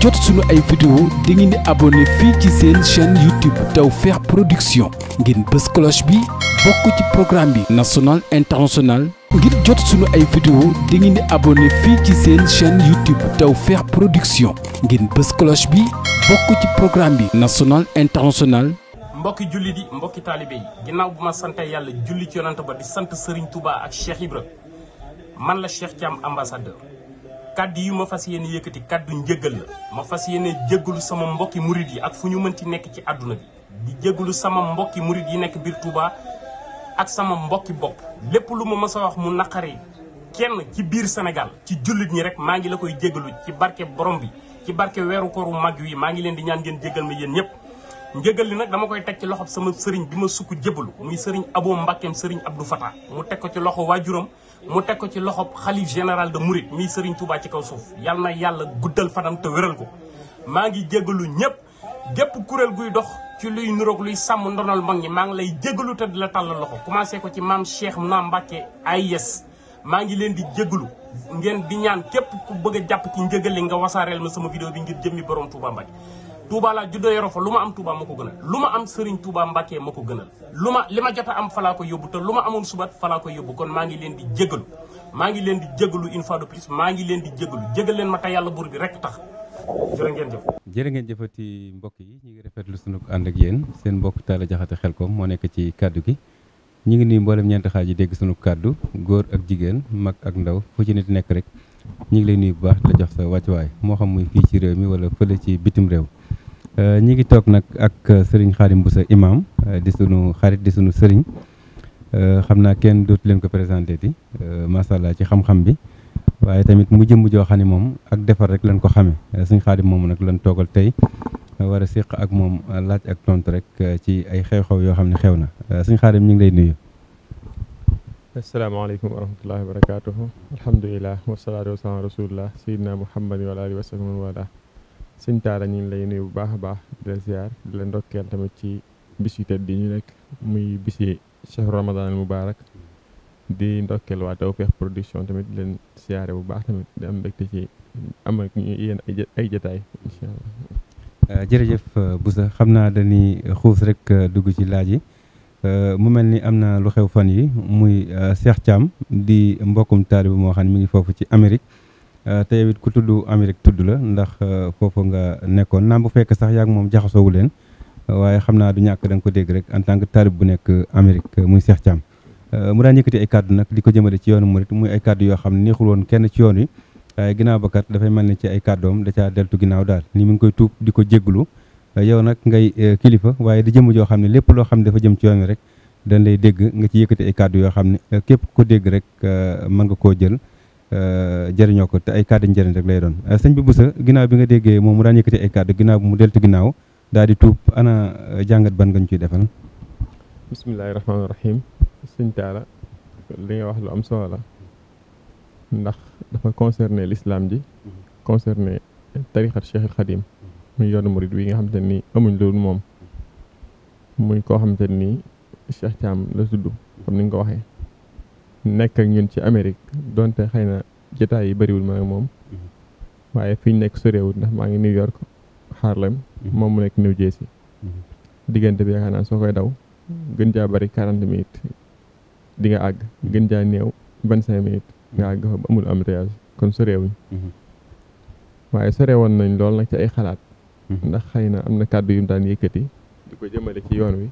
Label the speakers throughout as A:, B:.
A: jot suñu ay vidéo da ngeen di abonné fii ci seen chaîne YouTube Tawfekh Production ngeen bës cloche bi bokk ci programme bi national international ngir jot suñu ay vidéo da ngeen di abonné fii ci seen chaîne YouTube Tawfekh Production ngeen bës cloche bi bokk ci programme bi national international mbokki julli di mbokki taalibe yi ginnaaw bu ma sante yàlla julli ci yonante ba di sant Serigne Touba ak Cheikh Ibra man la Cheikh am ambassadeur kàdd yi ma fas yéene yëkkati kaddu njëggal la ma fas yéene jéggalu sama mbokki murit yi ak fu ñu mënti nekk ci àdduna bi di jéggalu sama mbokki murit yi nekk biir Touba ak sama mbokki bopp lépp lu ma mës wax mu naqari kenn ci biir Sénégal ci jullit ñi rek maa ngi la koy jéggalu ci barke borom bi ci barke weeru kooru mag yi maa ngi leen di ñaan ngeen jéggal ma yéen ñëpp njëgal li nag dama koy teg ci loxob sama sëriñ bi ma sukk jébalu muy sëriñ Abo Mbakkeem sëriñ Abdou Fata mu teg ko ci loxo waajuram mu teg ko ci loxo xalif général de Mouride mii Serigne Touba ci kaw suuf yal na yàlla guddal fanam te wéral ko maa ngi jégalu ñëpp gépp kuréel guy dox ci luy nuroog luy sàmm ndonal mag ñi maa ngi lay jégalu te di la tàllal loxo commencé ko ci maam Cheikh Naam ay yes maa ngi leen di jégalu ngeen di ñaan képp ku bëgg a jàpp ci njëgale nga wasaareel ma sama vidéo bi ngir jëmmi borom Touba Mbacke Touba laa juddoo lu ma am Touba moo ko gënal lu ma am sëriñ Touba Mbacke moo ko gënal lu ma li ma jot a am falaa ko yóbbu te lu ma amoon subat falaa ko yóbbu kon maa ngi leen di jégalu maa ngi leen di jégalu une maa ngi leen di jégalu jégal leen ma te yàlla buur bi rek tax
B: jërë jëfati mbokk yi ñu ngi rafetlu sunu ànd ak yéen seen mbokk Talla xel ko moo nekk ci kàddu gi ñu ngi nuyu mboolem ñeenti xaaj yi dégg sunu kaddu góor ak jigéen mag ak ndaw fu ci nit nekk rek ñu ngi lay nuyu bu baax te jox sa wàccuwaay moo xam muy fii ci réew mi wala fële ci bitim réew Euh, ñi ngi toog nag ak sëriñ euh, Serigne Khadim Boussa imam euh, di suñu xarit di sunu Serigne xam naa kenn dootu leen ko présenté ti macha ci xam-xam bi waaye tamit mu jëmm joo xam ne moom ak defar rek lan ko xamee suñ Khadim moomu nag lañ toogal tey wara a ak moom laaj ak tontu rek ci ay xew-xew yoo xam ne xew na Serigne Khadim ñu ngi lay nuyu.
C: asalaamaaleykum wa rahmatullahi wa barakaatuhu alhamdulilah wasalaatu wasalaam rasulillah sayidina muhammadin wa alihi wa sëñ Talla ñu ngi lay nuyu bu baax a baax di la ziar di ndokkeel tamit ci bis yu tedd yi ñu nekk muy bisi chahru ramadan mubarak di ndokkeel waa Tawfekh Production tamit di leen siyaare bu baax tamit di am mbégte ci am ak yéen ay jataay
B: euh, jërëjëf euh, Boussa xam naa dañuy xuus rek euh, dugg ci laaj yi mu mel ni am na lu xew fan yi muy Cheikh Thiam di mbokkum taalibu moo xam ne mu ngi foofu ci Amérique. Euh, te it ku tudd Amérique tudd la ndax euh, foofu nga nekkoon naam bu fekk sax yaa moom jaxasoowu leen waaye xam naa du ñàkk da nga ko dégg rek en tant que taalib bu nekk Amérique euh, muy Cheikh Thiam. mu daan yëkkati ay kàddu nag di ko jëmale ci yoonu murit muy ay kàddu yoo xam ne neexul woon kenn ci yoon wi waaye ginnaaw ba kat dafay mel ne ci ay kàddoom da caa deltu ginnaaw daal nii mu ngi koy tuub di ko jégglu yow nag ngay kilifa waaye di jëm joo xam ne lépp loo xam ne dafa jëm ci yoon wi rek dañ lay dégg nga ci yëkkati ay kàddu yoo xam ne képp ko dégg rek mën nga koo jël Euh, jëriñoo ko te ay kàddu jariñ rek lay doon euh, sëñ bi sa ginnaaw bi nga déggee moom mu daan yëkkati ay kàddu ginnaaw bi mu deltu ginnaaw daal di tuub ana euh, jàngat ban nga ñu ciy defal.
C: bismillaahi rahmaani rahiim sëñ Talla li nga wax lu am solo la ndax dafa concerné l'islam ji concerné tarixat Cheikhul Khadim muy yoonu murid wi nga xam te ni amuñ loolu moom muy koo xam te ni Cheikh Thiam la tudd comme ni nga ko waxee. nekk ak ñun ci Amérique donte xëy na jotaay yi bëriwul ma moom mm-hmm. waaye fi ñu nekk soreewul ndax maa ngi New York Harlem mm-hmm. moom mu nekk New Jersey mm-hmm. diggante bi yaakaar naa soo koy daw gën jaa bari quarante di nga àgg gën jaa néew vingt cinq minutes nga àgg fa amul embouteillage kon soreewuñ waaye soreewoon nañ lool nag ci ay xalaat ndax xëy na am na kàddu yu mu daan yëkkati di ko jëmmale ci yoon wi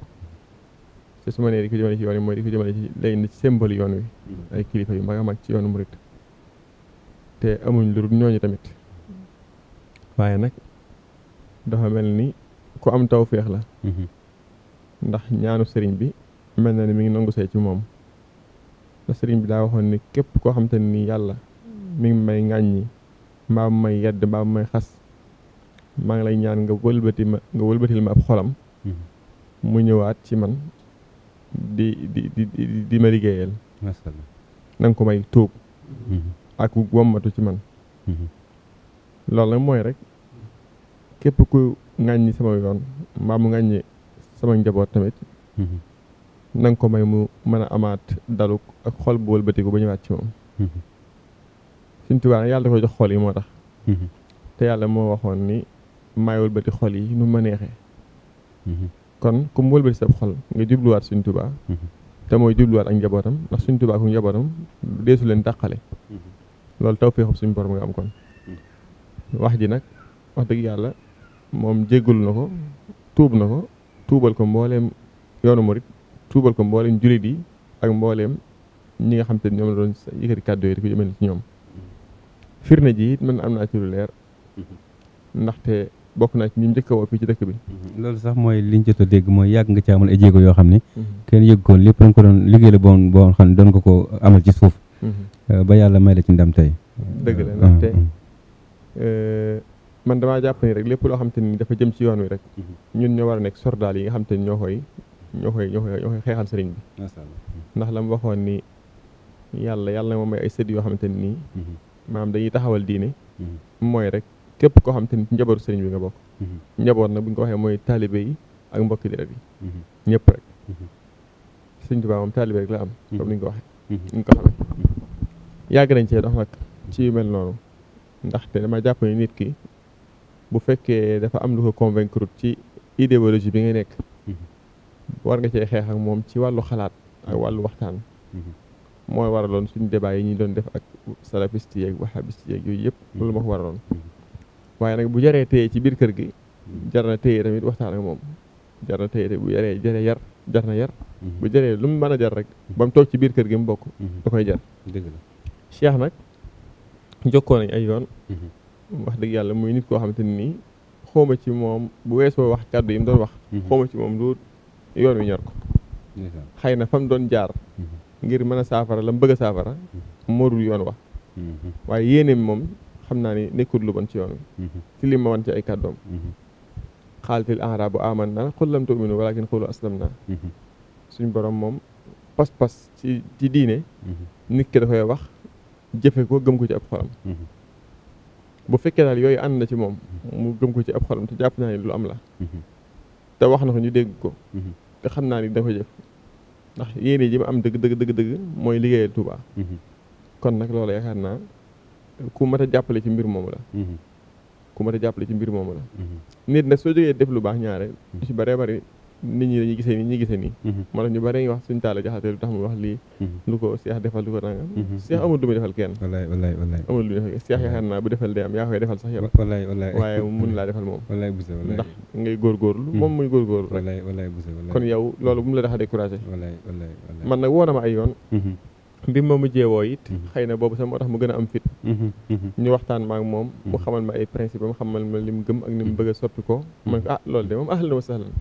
C: te su ma nee di ko jëmale ci yoon wi mooy di ko jëmale ci day indi yoon wi mm-hmm. ay kilifa yu mag mag ci yoonu murit te amuñ lu dul ñooñu tamit mm-hmm. waaye nag dafa mel ni ku am taw féex la mm-hmm. ndax ñaanu sëriñ bi mel na ni mi ngi nangu see ci moom ndax sëriñ bi daa waxoon ni képp koo xam te ni yàlla mi may ŋàññi mbaa may yedd mbaa may xas maa ngi lay ñaan nga wëlbati ma nga wëlbatil ma ab xolam mu ñëwaat ci man di di di di ma liggéeyal. macha ko may tuub. Mhm. ak wommatu ci man. Mhm. loolu nag mooy rek képp ku ŋàññi sama yoon mbaa mu ŋàññi sama njaboot tamit. Mhm. na ko may mu mën a amaat daluk ak xol bu wëlbatiku ba ñëwaat ci moom. Sëñ Tuubaa yàlla da ko jox xol yi moo tax. te yàlla moo waxoon ni maay wëlbati xol yi nu ma neexee. kon ku mu wëlbati sab xol nga jubluwaat suñ tubaa mm-hmm. te mooy jubluwaat ak njabootam ndax suñ tubaa ak njabootam deesu leen tàqale mm-hmm. loolu tawfeexu suñ borom nga am kon mm-hmm. wax ji nag wax dëgg yàlla moom jéggul na ko tuub na ko tuubal ko mbooleem yoonu murit tuubal ko mbooleem jullit yi ak mbooleem ñi nga xam te ñoom la doon yëkkati kàddu yi di na jëmale ci ñoom firnde ji it man am naa ci lu ndaxte bokk naa ci ñu njëkk a fii ci dëkk bi
B: mhm. loolu sax mooy liñ jot a dégg mooy yàgg nga ci ay jéego yoo xam ne mhm. kenn yëg ko lépp dañ ko doon liggéey boon boo xam ne doon ko ko amal ci suuf mhm. euh, ba yàlla may la ci ndam tey dëgg la euh, ndaxte
C: euh, man damaa jàpp ni rek lépp loo xam te ni dafa jëm ci yoon wi rek ñun ñoo war a nekk sordaal yi nga xam te ni ñoo koy ñoo koy ñoo koy xeexal sëriñ bi ndax la mu waxoon ni yàlla yàlla na ma may ay sëdd yoo xamante ni maanaam dañuy taxawal diine mooy rek képp koo xam te ni ci njabootu sëriñ bi nga bokk mm-hmm. njaboot nag bu ñu ko waxee mooy taalibe yi ak mbokki deret yi mm-hmm. ñëpp rek mm-hmm. sëriñ Tuubaa moom taalibe rek la am comme ni ñu ko waxee ko xamee yàgg nañ cee dox nag ci yu mel noonu ndaxte dama jàpp ni nit ki bu fekkee dafa am lu ko convaincre ci idéologie bi ngay nekk war nga cee xeex ak moom ci wàllu xalaat ak wàllu waxtaan mooy loon suñu débat yi ñuy doon def ak salafiste yeeg wahabiste yeeg yooyu yëpp loolu moo ko waraloon waaye nag bu jaree téye ci biir kër gi jar na téye tamit waxtaan moom jar na téye bu yaree jaree yar jar na yar mhm. bu jaree lu mu mën a jar rek ba mu toog ci biir kër gi mu bokk mhm. da koy jar dëgg Cheikh nag jokkoo nañ ay yoon mhm. wax dëgg yàlla muy nit koo xamante nii xooma ci moom bu weesoo wax kàddu yim doon wax xooma ci moom du yoon wi ñor ko xëy na fa mu doon jaar ngir mën a saafara la mu bëgg a saafara moo dul yoon wax waaye yéeneem moom xam naa ni nekkul lu bon ci yoon mhm. ci li ma wan ci ay kàddoom mhm. xaalatil arabu aman na xul lam tu'minu walakin xulu aslam naa mhm. suñ borom moom pas-pas ci ci diine nit ki da wax jëfe ko gëm ko ci ab xolam bu fekkee daal yooyu ànd na ci moom mu gëm ko ci ab xolam te jàpp naa ni lu am la te wax na ko ñu dégg ko te xam naa ni da ko jëf ndax yéene ji am dëgg dëgg dëgg dëgg mooy liggéeyal Tuubaa kon nag loolu yaakaar naa ku mat a jàppale ci mbir moomu la mhm. ku a jàppale ci mbir moomu la mhm. nit nag soo jógee def lu baax ñaare du mhm. ci bëree bëri nit ñi dañuy gisee nii ñi gisee nii moo tax ñu bëri wax suñ taala jaxate lu tax mu wax lii lu ko seex defal lu ko nangam seex amul du muy defal kenn wallaay wallaay wallaay amul lu muy defal seex yaakaar naa bu defal day am yaa koy defal sax yow wallaay wallaay waaye mun laa defal moom wallaay bu moom muy góorgóorlu wallaay wallaay bu kon yow loolu bu mu la tax a découragé wallaay wallaay na ma ay yoon bi ma mujjee woo it. Mhm. xëy na boobu sax moo tax mu gën a am fit. Mhm, mhm. ñu waxtaan ma ak moom. mu xamal ma ay principe mu xamal ma li mu gëm ak ni mu bëgg a soppi ko. ma ne ko ah loolu de moom ahlan wa sahlan.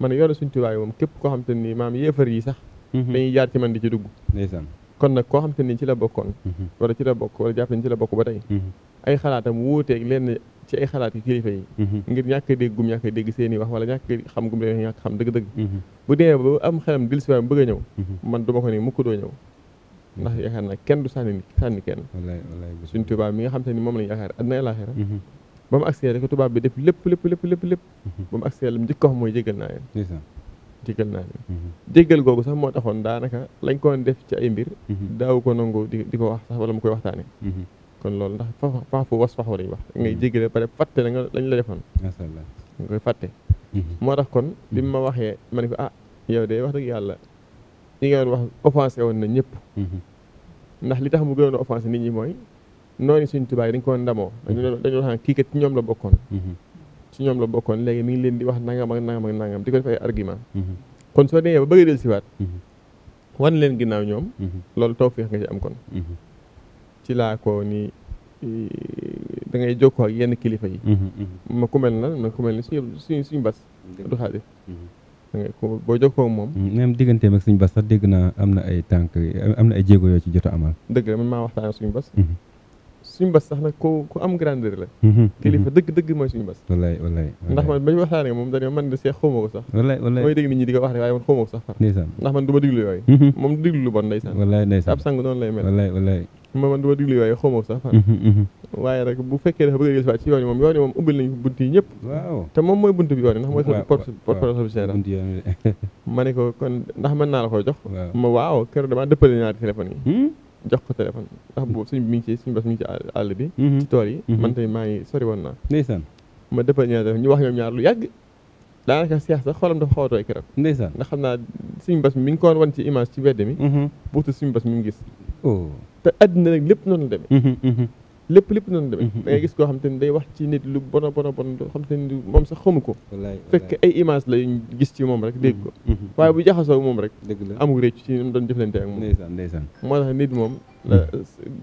C: ma ne yoonu suñ tubaab yi moom képp koo xam te ni maam yéefar yi sax. dañuy jaar ci man di ci dugg. ndeysaan kon nag koo xam te ni ci la bokkoon. wala ci la jàpp nañ ci la bokk ba tey. ay xalaatam wuuteeg lenn ci ay xalaat yi kilifa yi. ngir ñàkk a dégg gum ñàkk a dégg seen wax wala ñàkk xam gum leen ñàkk xam dëgg-dëgg. bu demee bëgg a ñëw. man du ma ko ni mukk doo ndax yaakaar naa kenn du sànni sànni kenn suñ tubaab mi nga xam te ni moom lañu yaakaar àddina àllaaxira mhm. ba mu agsee rek tubaab bi def lépp lépp lépp lépp lépp mhm. ba mu agsee lam njëkk ko wax mooy jégal naa leen jégal naa leen mhm. jégal googu sax moo taxoon daanaka lañ ko def ci ay mbir daaw ko nangoo di di ko wax sax wala mu koy waxtaane kon loolu ndax fa faafu was faxu lañu wax ngay jégale pare fàtte na nga lañ la defoon nga koy fàtte moo tax kon bi mu ma waxee ma ne ko ah yow de wax dëgg yàlla ñi nga doon wax offensé woon na ñëpp ndax li tax mu gënoon a offensé nit ñi mooy noonu suñ tubaab yi dañ koo ndamoo dañu wax kii kat ci la bokkoon mhm. ci ñoom la bokkoon léegi mi ngi leen di wax nangam ak nangam ak nangam di ko def argument mhm. kon soo demee ba bëgg a del siwaat mhm. wan leen ginnaaw ñoom loolu tawfeex nga ci am kon ci laa ko ni dangay ngay jokkoo ak yenn kilifa yi ma ku mel na ma ku mel suñu suñu bas du xaalis boo jokkoo
B: moom. Mm, même digganteem ak suñu bas sax dégg naa am na ay tànk am na ay jéego yoo ci jot a amal.
C: dëgg la man waxtaan ak suñu bas. suñu bas sax nag ku ku am grandeur la. Mm-hmm, kilifa mm-hmm. dëgg dëgg mooy
B: suñu bas. wallaay wallaay
C: ndax man ba ñu waxtaanee moom dañoo man de see xawma ko sax. wax rek waaye man xawma ko sax. ndeysaan ndax man du ma diglu yooyu. Mm-hmm. moom du diglu lu bon ndeysaan.
B: wallaay ndeysaan ab sang lay
C: ma man duma diglu yooyu xamoo sax mhm, mhm. waaye rek bu fekkee dafa bëgg a gis ci yoon yi moom yoon yi moom ubbil nañ bunt yi ñëpp te moom mooy bunt bi yoon yi ndax mooy sa porte porte bi seera ma ne ko kon ndax mën naa la ko jox ma waaw keroog damaa dëppale ñaari téléphone yi hmm? jox ko téléphone ndax boobu suñ bas mi ci àll bi mhm. ci tool yi man tey maa ngi sori woon naa ma dëppale ñaari téléphone ñu wax ñoom ñaar lu yàgg daanaka seex sax xoolam dafa xaw a tooy keroog ndeysaan ngi ko wan ci image ci wedd mi buutu suñu bas te àddina nag lépp noonu la demee mhm, mhm. lépp lépp noonu demee mhm, da gis koo xam te ni day wax ci nit lu bon a bon xam te ni moom sax xamu ko fekk ay image la gis ci moom rek dégg ko waaye bu jaxasoo moom rek amul réccu ci ñu doon jëflante ak moom moo tax nit moom la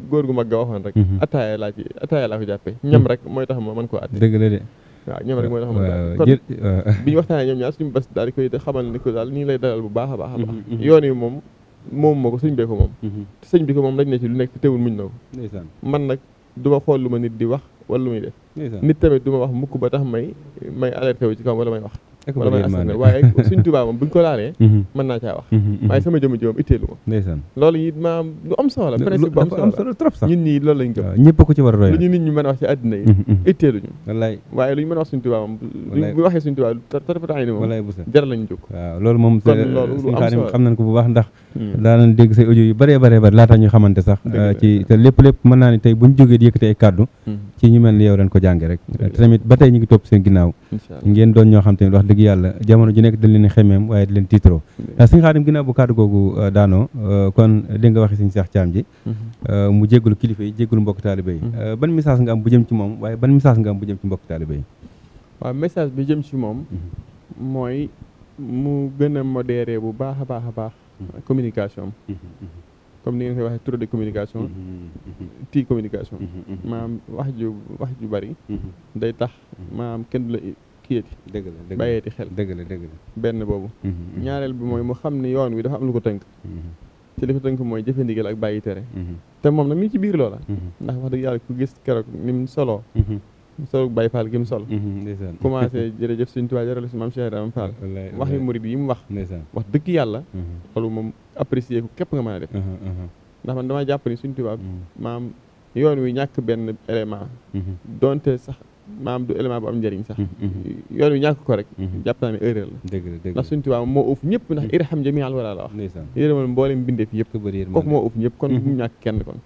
C: góor gu mag ga waxoon rek ataaya laa laa ko jàppee ñam rek mooy tax ma mën koo àtte dëgg la de waaw ñoom rek mooy tax ma kon bi ñu suñu bés daal di koy xamal ni ko daal nii lay dalal bu baax a baax a yoon yi moom moom moo ko sëñ bee ko moom mhm. te sëñ bi ko moom lañ ne si lu nekk teewul muñ na ko man nag du ma xool lu ma nit di wax wala lu muy def nit tamit du ma wax mukk ba tax may may alerté wu ci kaw wala may wax ak wala may waaye suñ Tuubaa moom buñ ko laalee mhm. mën naa caa wax mhm, mhm, waaye sama jëmm jëmm itteelu ma ndeysaan loolu it maam lu am solo la principe bu am solo trop sax ñun ñii loolu lañ gëm ñëpp ko ci war a a
B: wax a naa ni tey buñ jógee di yëkkati ay kàddu hmm. ci ñu mel ni yow leen ko jànge rek te tamit ba tey ñu ngi topp seen ginnaaw ngeen doon ñoo xam te wax dëgg yàlla jamono ju nekk dañ leen xemeem waaye di leen tiitroo sëñ Xaadim ginnaaw bu kàddu googu euh, daanoo euh, kon dégg nga waxee sëñ Cheikh Thiam ji mhm. euh, mu jéggalu kilifa yi jéggalu mbokk taalibe yi mhm. ban message nga am bu jëm ci moom waaye ban message nga am bu jëm ci
C: bi jëm ci moom mhm. mooy mu gën a modéré bu baax a baax a baax communication comme ni ngeen koy waxee trop communication ti communication maanaam wax ju bari day tax maanaam kenn du la kiyati dëgg la bàyyeeti xel dëgg la dëgg la benn boobu mm-hmm. ñaareel bi mooy mu xam ne yoon wi dafa am lu ko tënk mm-hmm. ci li ko tënk mooy jëfe ndigal ak bàyyi tere mm-hmm. te moom nag mi ngi ci biir loola ndax wax dëgg yàlla ku gis keroog ni mu soloo solo Baye Fall gi mu sol commencé jërëjëf suñu tubaab jërëjëf si maam Cheikh Ibrahima Fall wax yi murid yi mu wax wax dëgg yàlla loolu moom apprécier ko képp nga ma a def ndax man damaa jàpp ni suñu tubaab maam yoon wi ñàkk benn élément donte sax maam du élément bu am njëriñ sax mm-hmm. yoon wi ñàkk ko rek mm-hmm. jàpp naa ne erreur la ndax suñu tubaab moo ëf ñëpp ndax mm-hmm. irham jamial wala la wax yërëmal mboolem mbindeef yëpp ko moo ëf ñëpp kon mu ñàkk kenn kon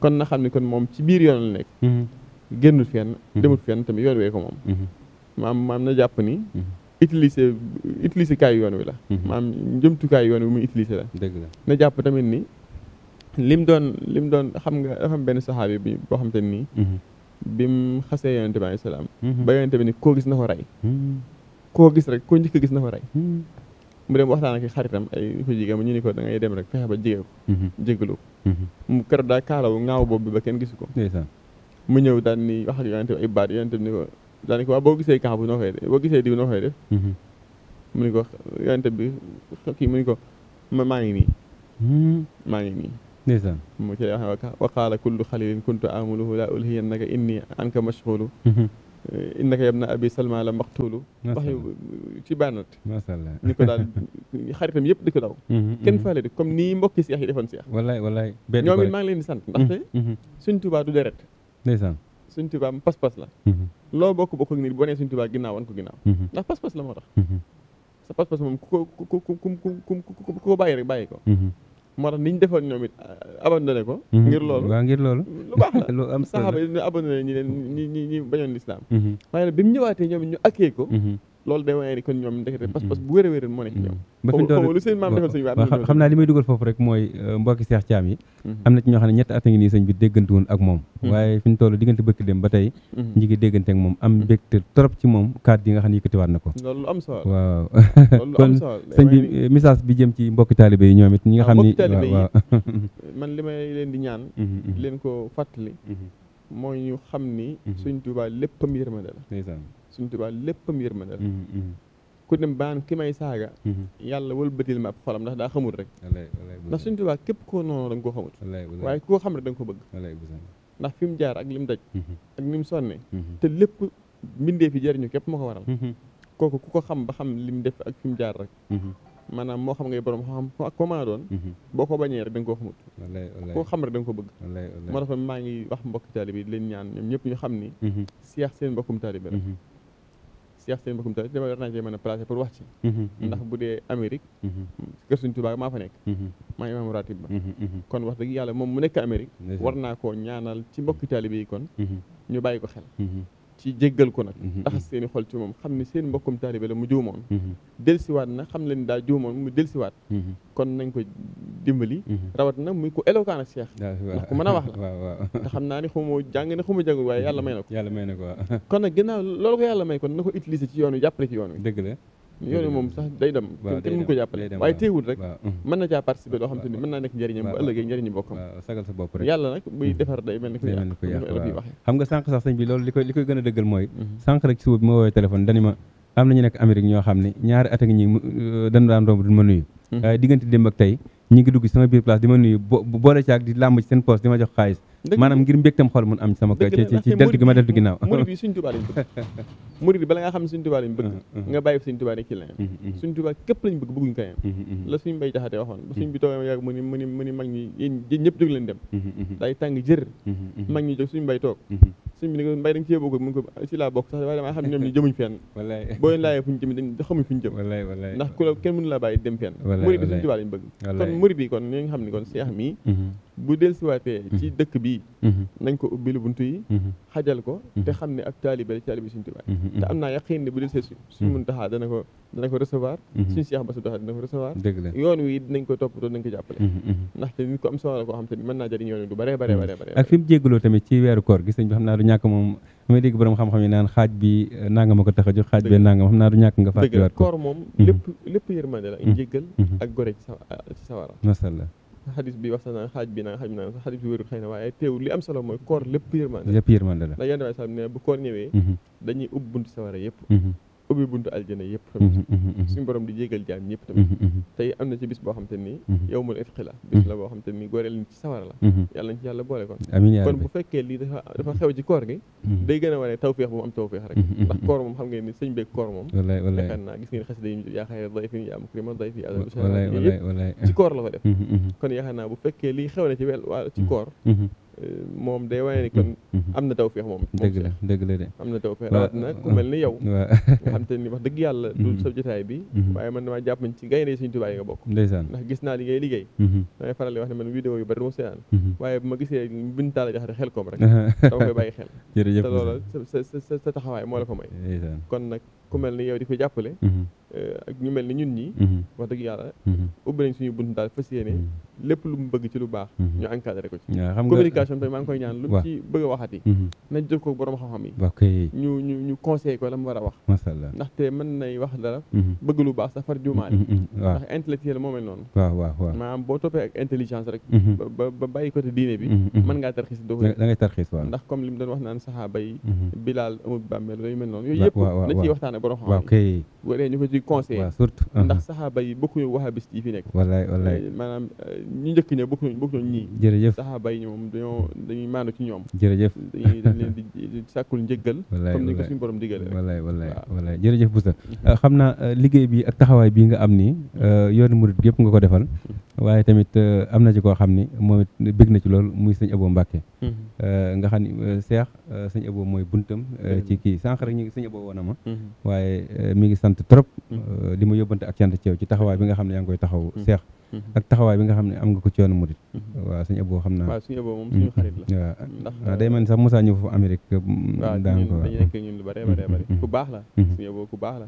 C: kon na xam ne kon moom ci biir yoon la nekk génnul fenn demul fenn tamit yoon wee ko moom maam maam na jàpp ni utiliser utiliser kaay yoon wi la maam njëmtukaayu yoon wi muy utiliser la na jàpp tamit ni lim doon lim doon xam nga dafa am benn saxaabi bi boo bi mu xasee yonente bi alayhi salaam mhm. ba yonente bi ni gis na ko rey mhm. koo gis rek koo njëkk gis na ko rey mhm. mu dem waxtaan ak xaritam ay ko jigéen ñu ni ko da ngay dem rek fexe ba jigee ko jégalu ko mu keroog daa kaalaw ŋaaw boobu bi ba kenn gisu ko mu ñëw daal ni wax ak yonente bi ay baat yonente bi ni ko daal ni ko waaw boo gisee kaabu noo koy def boo gisee diw noo koy def mu ni ko yonente bi kii mu ni ko maa ngi nii maa ngi nii ndeysaan mu ci wax wa qaala kullu xalilin kuntu amuluhu laa ulhiyannaka inni anka mashxulu innaka yabna abi salma la maqtulu wax yu ci bànnat
B: masha Allah ni ko daal
C: xaritam yëpp di ko daw kenn faale di comme nii mbokki seex yi defoon seex wallaay wallaay maa leen di sant du deret ndeysaan suñ tubaa la loo bokk bokk ak nit boo nee suñ tubaa ginnaaw wan la moo tax sa pas moom ku ko ku ku ko rek bàyyi ko moo tax ni ñu defoon ñoom it euh, abandonné ko. Mhm. ngir loolu
B: waaw ngir loolu. lu baax la lu am solo saxaaba yi
C: ñu abandonné ñi leen ñi ñi ñi bañoon lislaam. Mhm. waaye nag bi mu ñëwaatee ñoom ñu accueil ko. Mhm. loolu day wane ni kon ñoom ndekete mm-hmm. pas-pas bu wér a moo ne ci ñoom mm-hmm. ba fi lu seen maam xam
B: naa li may dugal foofu rek mooy euh, mbokki Seex Caam mm-hmm. na ci xam ne ñetti a ngi nii sëñ bi déggante woon ak moom waaye fi ñu toll diggante bëkk dem ba tey ñi ngi déggante ak moom am mbégte trop ci moom kàddu yi nga xam ne yëkkatiwaat na ko loolu am solo waaw kon bi euh, message bi jëm ci mbokki taalibe yi ñoom it ñi nga ah, xam ni waaw
C: man li may leen di ñaan leen ko fàttali moo ñu xam ni suñ sëñ lépp léppam yërmande la suñu tubaa léppam yërmande la mm-hmm, mm-hmm. ku dem baan ki may saaga mm-hmm. yàlla wëlbatil ma ab xolam ndax daa xamul rek ndax suñu tubaa képp koo noonu da nga koo xamul waaye ku ko xam rek da ko bëgg ndax fi jaar ak li mu daj ak ni mu sonne te lépp mbindee fi jëriñu képp moo ko waral kooku ku ko xam ba xam li mu def ak fi mu jaar rek maanaam moo xam ngay borom xam ak
D: ko ko bañee rek da nga
C: xam rek da ko bëgg moo tax maa ngi wax mbokki taalibe bi leen ñaan ñoom ñëpp ñu xam ni seex seen mbokkum taalibe rek Cheikh seen mbokkum taal dama war naa cee mën a placé pour wax ci mhm, mhm. ndax bu dee Amérique mhm. kër suñ Tuubaa maa fa nekk maa imaam ratib ba kon wax dëgg yàlla moom mu nekk Amérique war naa koo ñaanal ci mbokki taalibe yi kon ñu bàyyi ko xel ci jéggal ko nag taxas mhm. seen xol ci moom xam ne seen mbokkum taalibe la mu juumoon mhm. delsiwaat na xam leen daa juumoon mu delsiwaat mhm. kon nañ ko dimbali rawat na muy ko éloquent ak Cheikh ndax ku mën a wax la te xam naa ni xaw jàng na xaw ma jàng waaye yàlla may na ko yàlla may na ko kon nag ginnaaw loolu ko yàlla may kon na ko utiliser ci yoon wi jàppale ci yoon wi dëgg la yoone moom sax day dem kenn mënu ko jàppale waaye téewul rek mën na caa participer loo xam te ni mën naa nekk njëriñam bu ëllëgee njëriñu bokkam sa bopp rek yàlla nag buy mm-hmm. mel ni ko yàq
B: sànq sax sëñ bi loolu li koy li koy gën a dëggal mooy mm-hmm. sànq rek suba bi ma woowee téléphone dani ma am nañu nekk Amérique ñoo xam ne ñaari at ak ñi euh, dañ daan romb duñ ma nuyu mm-hmm. diggante démb ak tey ñi ngi dugg sama biir place di ma nuyu boole ci ak di làmb ci seen poste di ma jox xaalis maanaam ngir mbégtam xol mun am sama ko ci gi ma deltu
C: suñ tubaa lañ bëgg murid suñ tubaa lañ bëgg uh-huh, uh-huh. nga bàyyi uh-huh, ba suñ bi toogee laa bokk dem fenn murid suñ tubaa lañ bëgg kon murid kon ñi xam ni kon seex mi bu dellusiwaatee ci mhm. dëkk bii mhm. nañ ko ubbil buntu yi mhm. xajal ko te xam ni ak taalibe la ci taalibe suñu tubaab te am naa yaqiin ne bu dellusee suñ mun taxaa dana ko dana ko recevoir suñu Seex Bass taxaa dana ko recevoir yoon wi dinañ ko toppatoo dinañ ko jàppale ndaxte nit ko am soxla koo xam te mën naa jëriñ yoon wi du bare bare bare bare
B: ak fi mu jéggaloo tamit ci weeru koor gis nañ bi xam naa du dégg borom xam-xam yi naan xaaj bi euh, nanga ma ko tax a jóg xaaj bi nanga ma xam naa du ñàkk nga faa ko koor moom lépp
C: lépp yërmande la njéggal ak gore ci sawara masalla xadis bi wax sax naan xaaj bi naan xaaj bi naan sax xadis bi wérul xëy na waaye teewul li am solo mooy koor lépp yërmande la lépp yërmande la ndax yenn waaye sax ne bu koor ñëwee mhm. dañuy ubb buntu sawara yëpp mhm. ubbi buntu aljana yëpp tamit mhm, mhm, mhm, suñu borom di jégal jaam ñëpp tamit tey am na ci bis boo xam te ni yow mul itqi la bis la boo xam te ni góoreel nit ci sawara la yàlla nañ ci yàlla boole kon day gën a wane am tawféex rek ndax koor moom xam ngeen ni sëñ beeg koor moom yaakaar naa gis ngeen xas day yaa xayra dayfin yaa mukrima dayfi ci koor la ko def kon yaakaar naa bu fekkee lii xew na ci wel waa ci koor Euh, moom day wane ni kon mm-hmm. Mm-hmm. am na tawféex moom
B: dëgg la am na tawféex rawat na ku mel ni yow
C: nga xam te ni wax dëgg yàlla du mm-hmm. sa bi waaye man damaa jàpp man ci gaynde Sëriñ Tuubaa yi nga bokk ndeysaan ndax gis naa li ngay liggéey damay wax ne man vidéo yu bari duma seetaan waaye ma gisee bin taala jaxate xel koom rek dama koy bàyyi xel jërëjëf te loola sa sa sa taxawaay moo la kon nag ku mel ni yow di ko mhm. eh, ñun ñi mhm. wax dëgg yàlla mhm. ubbi ci lu baax ñu encadré ko ci communication tamit maa lu mu ci a la mu war a wax macha allah ndaxte mën nay wax dara bëgg lu baax sax far juumaale ndax intellectuel moo mel noonu waaw waaw waaw maanaam boo toppee ak intelligence rek ba ba bàyyi côté diine bi mën ngaa tarxiis doo ko da ngay tarxiis waaw ndax comme li mu doon wax naan saxaaba yi bilaal amul bàmmeel yooyu mel noonu yooyu yëpp na ciy waxtaan na borom xam-xam ko ci conseil surtout uh-huh. ndax saxaaba yi bokkuñu wahabiste yi fi nekk wallaay wallaay eh, maanaam eh, ñu njëkk ne bokkuñu bokkuñu ñii jërëjëf saxaaba yi ñoom dañoo dañuy maandu ci ñoom jërëjëf dañuy dañ leen di sàkkul njëggal comme ni ko suñu borom digale wallaay
B: wallaay wallaay jërëjëf Boussa eh, xam naa liggéey bi ak taxawaay bi nga am nii yoonu murid gépp nga ko defal hmm. waaye tamit am na ci koo xam ni moom it bég na ci lool muy sëñ Abo Mbàkke hmm. nga xam ni Seex sëñ Abo mooy buntam ci hmm. kii sànq rek ñu sëñ Abo woon waaye eh, mi ngi sant trop. Mm-hmm. Euh, di ma yóbbante ak cant ci ci taxawaay bi nga xam ne yaa ngi koy taxaw mm-hmm. seex. Mm-hmm. ak taxawaay bi nga xam ne am nga ko ci yoonu murit. waaw suñu ëbboo xam na waaw suñu ëbboo moom suñu xarit la. waaw euh, day mel sax Moussa ñëw foofu Amérique. Euh, daan ko waaw dañu nekk ñun lu bëree bëri. ku
C: baax la. suñu ëbboo ku baax la.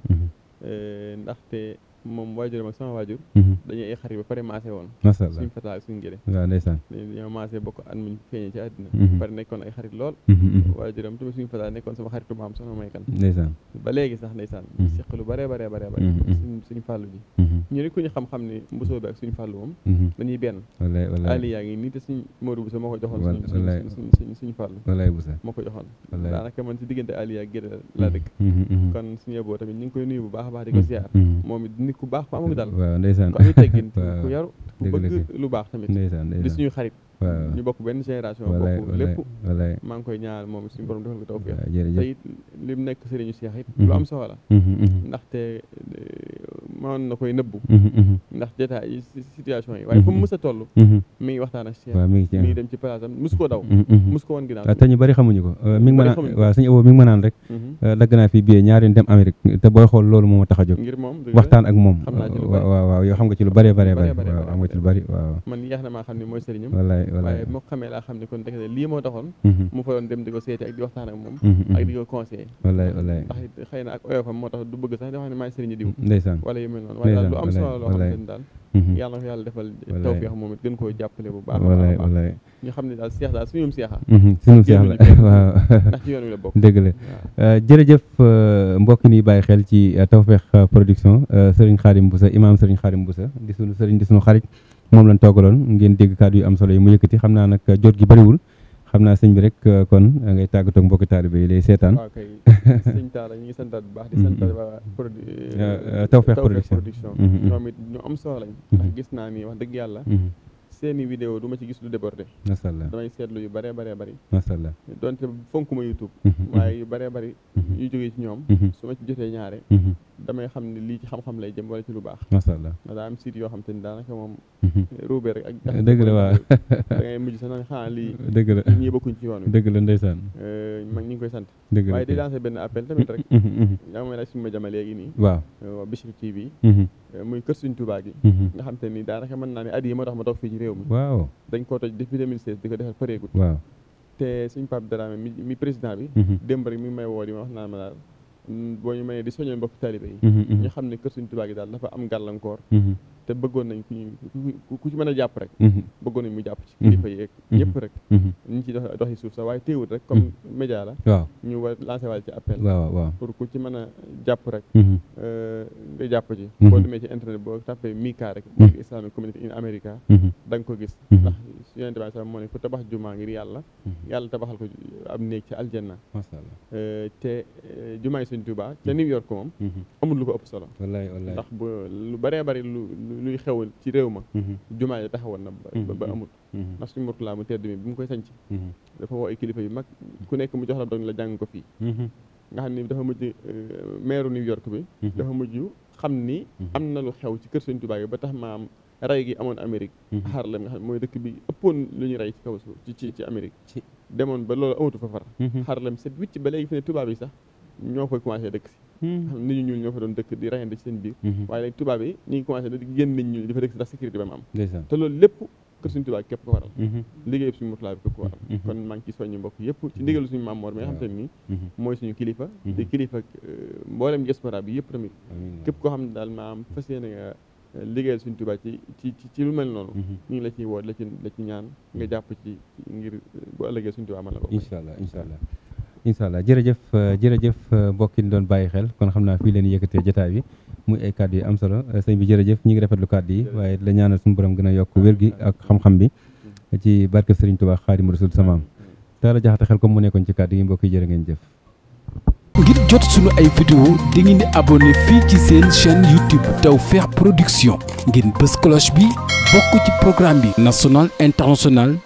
C: ndaxte. moom waajuram ak sama waajur mhm. dañuy ay xarit ba pare maase woon macha allah suñu ak suñu gële waaw ndeysaan dañoo maase bokk at muñ feeñee ci àddina mhm. pare nekkoon ay xarit lool mhm, waajuram tamit suñu fataa ba léegi sax ndeysaan seq lu bare bare bare bare suñu fàllu bi ñu rek ku ñu xam-xam ne mbusoo bi ak suñu fàllu moom dañuy benn ali yaa ngi nii te suñ Modou Boussa moo ko joxoon
B: suñ suñu fàllu ko joxoon daanaka
C: man si diggante ali ak gële la dëkk kon suñu yeboo tamit ñu ngi koy nuyu bu baax a baax di ko ziar nit ku baax ku amul dal
B: waaw ndeysaan ku am
C: teggin ku yaru ku bëgg lu baax tamit di suñu xarit ñu bokk benn génération bokk
D: lépp
C: maa ngi koy ñaanal moom suñu borom defal ko tawfeex te it li mu nekk sëriñu Seex it lu mhm. am solo la mhm, mhm. ndaxte mënoon na koy nëbbu mhm, mhm. ndax détails yi situation yi waaye fu mu mhm, mës a toll waxtaan ak Cheikh mus koo daw mus ko woon ginnaaw te ñu a waaw
B: suñu ëpp mi ngi a naan rek euh, dagg naa fii billet a lu bëree bëree bëri waaw xam nga ci lu bëri waaw man yeex na maa xam ne mooy sëriñam wallaay wallaay waaye moo xamee laa xam ne kon
C: dekte lii moo taxoon mu fa dem di seeti ak di waxtaan ak moom ak di ko conseillé
B: wallaay wallaay ndax
C: xëy na ak oyofam moo tax du bëgg sax di wax mel noonu waaye daal lu am solo loo xam ne daal yàlla na ko yàlla defal tawfeex moom it gën koo jàppale bu baax a baax ñu xam ne daal seex daal suñu
D: seexa mhm, suñu la waaw ndax ci yoon wi la bokk
B: dëgg la euh, jërëjëf euh, mbokk ni bàyyi xel ci euh, tawfeex production sëriñ Xaadim Boussa imaam sëriñ Xaadim Boussa di suñu sëriñ di suñu xarit moom lañ toogaloon ngeen dégg kàddu yu am solo yi mu yëkkati xam naa nag jot gi bariwul xam naa sëñ bi rek euh, kon a euh, ngay tàggatoo ak mbokki taalibe yi lay seetaan. waaw
D: kay sëñ Talla ñu ngi
C: santaat bu baax di santaat mm-hmm. waa production euh, Tawfekh Production mm-hmm. ñoom it ñu am solo lañ mm-hmm. gis naa ni wax dëgg yàlla seeni vidéo du ci gis lu débordé macha allah damay seetlu yu bëree bëree bëri macha allah donte fonk ma youtube mhm, mhm. waaye yu bëree bëri mhm. yu jógee ci ñoom su ma ci jotee ñaare damay xam ne lii ci xam-xam lay jëm wala ci lu baax macha allah daa am site yoo xam te ni daanaka moom ruube rek la waaw da ngay mujj sax naan xanaa lii dëgg la ñii bokkuñ ci yoon wi dëgg la ndeysaan euh, mag ñu ngi koy sant dëgg la waaye di lancé benn appel tamit rek yaa ngi may laaj suñu ma jama léegi nii waaw euh, Bichri TV Euh, muy kër Sëriñ Tuubaa gi mhm. nga xam te ni daanaka mën naa ne at yi moo tax ma toog fii ci réew mi waaw dañ koo toj depuis 2016 di ko defar pareegut waaw te suñ Pape Dramé mi mi président bi mhm. démb rek mi ngi may woo di ma wax naa ma daal boo ñu mayee di soñoon mbokk taalibe yi mhm, ñu xam ne kër suñ Tuubaa gi daal dafa am gàllankoor te bëggoon nañ ku ñu ku ci mën a jàpp rek mhm. bëggoon nañ mu jàpp ci mhm. kilifa yeeg ñëpp mhm. rek ñu ci doxi suuf sax waaye téewut rek comme média la waaw ñu war lancé waale ci appel pour ku ci mën a jàpp rek euh, nga jàpp ci boo demee ci internet boo tapé mika rek mooy islamic community in da ko gis ndax su yonente bi sax moo ne ku tabax jumaa ngir yàlla yàlla tabaxal ko am néeg ci aljanna masha Allah euh, te euh, jumaa yi Sëñ Tuubaa ca New York moom lu ko ëpp solo ndax bu lu bëree lu luy xewal ci réew ma mhm. jumaa yi taxawal na ba mhm. amul mhm. ndax suñu mortulaa mu tedd mi bi mu koy sanc dafa woo ay kilifa yu mag ku nekk mu jox la doon la jàng ko fii nga xam ni dafa mujj eh, meeru New York bi dafa mujj xam ni am na lu xew ci kër Sëñ Tuubaa yi ba tax maam rey gi amoon Amérique Harlem nga xam mooy dëkk bi ëppoon lu ñuy rey ci kaw suuf ci ci Amérique demoon ba loolu amatu fa far Harlem set wicc ba léegi fi ne tubaab yi sax ñoo koy commencé dëkk si Mm-hmm. nit ñu ñuul ñoo fa doon dëkk di rayante ci seen biir mm-hmm. waaye léegi tubaab yi ñu ngi commencé da génn nit ñuul dafa dëkk ndax sécurité ba mu am te loolu lépp kër suñu tubaab képp ko waral mm-hmm. liggéey suñu murtalaa bi képp ko waral kon maa ngi ci soññu mbokk yëpp ci ndigalu suñu maam Mor mi nga xam te ni mooy suñu kilifa te kilifa euh, mboolem diaspora bi yëpp tamit képp koo xam ne daal maam fas yéene nga euh, liggéeyal suñu Tuubaa ci ci ci lu mel noonu ñu ngi la ciy woo la ci la ci ñaan nga jàpp ci ngir euh, bu ëllëgee suñu Tuubaa mën la ko inshallah inshallah
B: incha allah jërëjëf euh, jërëjëf euh, mbokki yi doon bàyyi xel kon xam naa fii leen yëkkatee jotaay bi muy ay kàddu yi am solo euh, sëñ bi jëf ñu ngi rafetlu kàddu yi waaye la ñaanal suñu borom gën a yokk wér gi ak xam-xam bi ci barke Sëriñ Tuubaa Xaadimu Rasuul samaam taala jaxate xel comme mu nekkoon
A: ci kàddu yi mbokk yi jërë ngeen jëf ngir jot suñu ay vidéo di ngeen di abonné fii ci seen chaîne YouTube Tawfekh Production ngeen bës cloche bi bokk ci programme bi national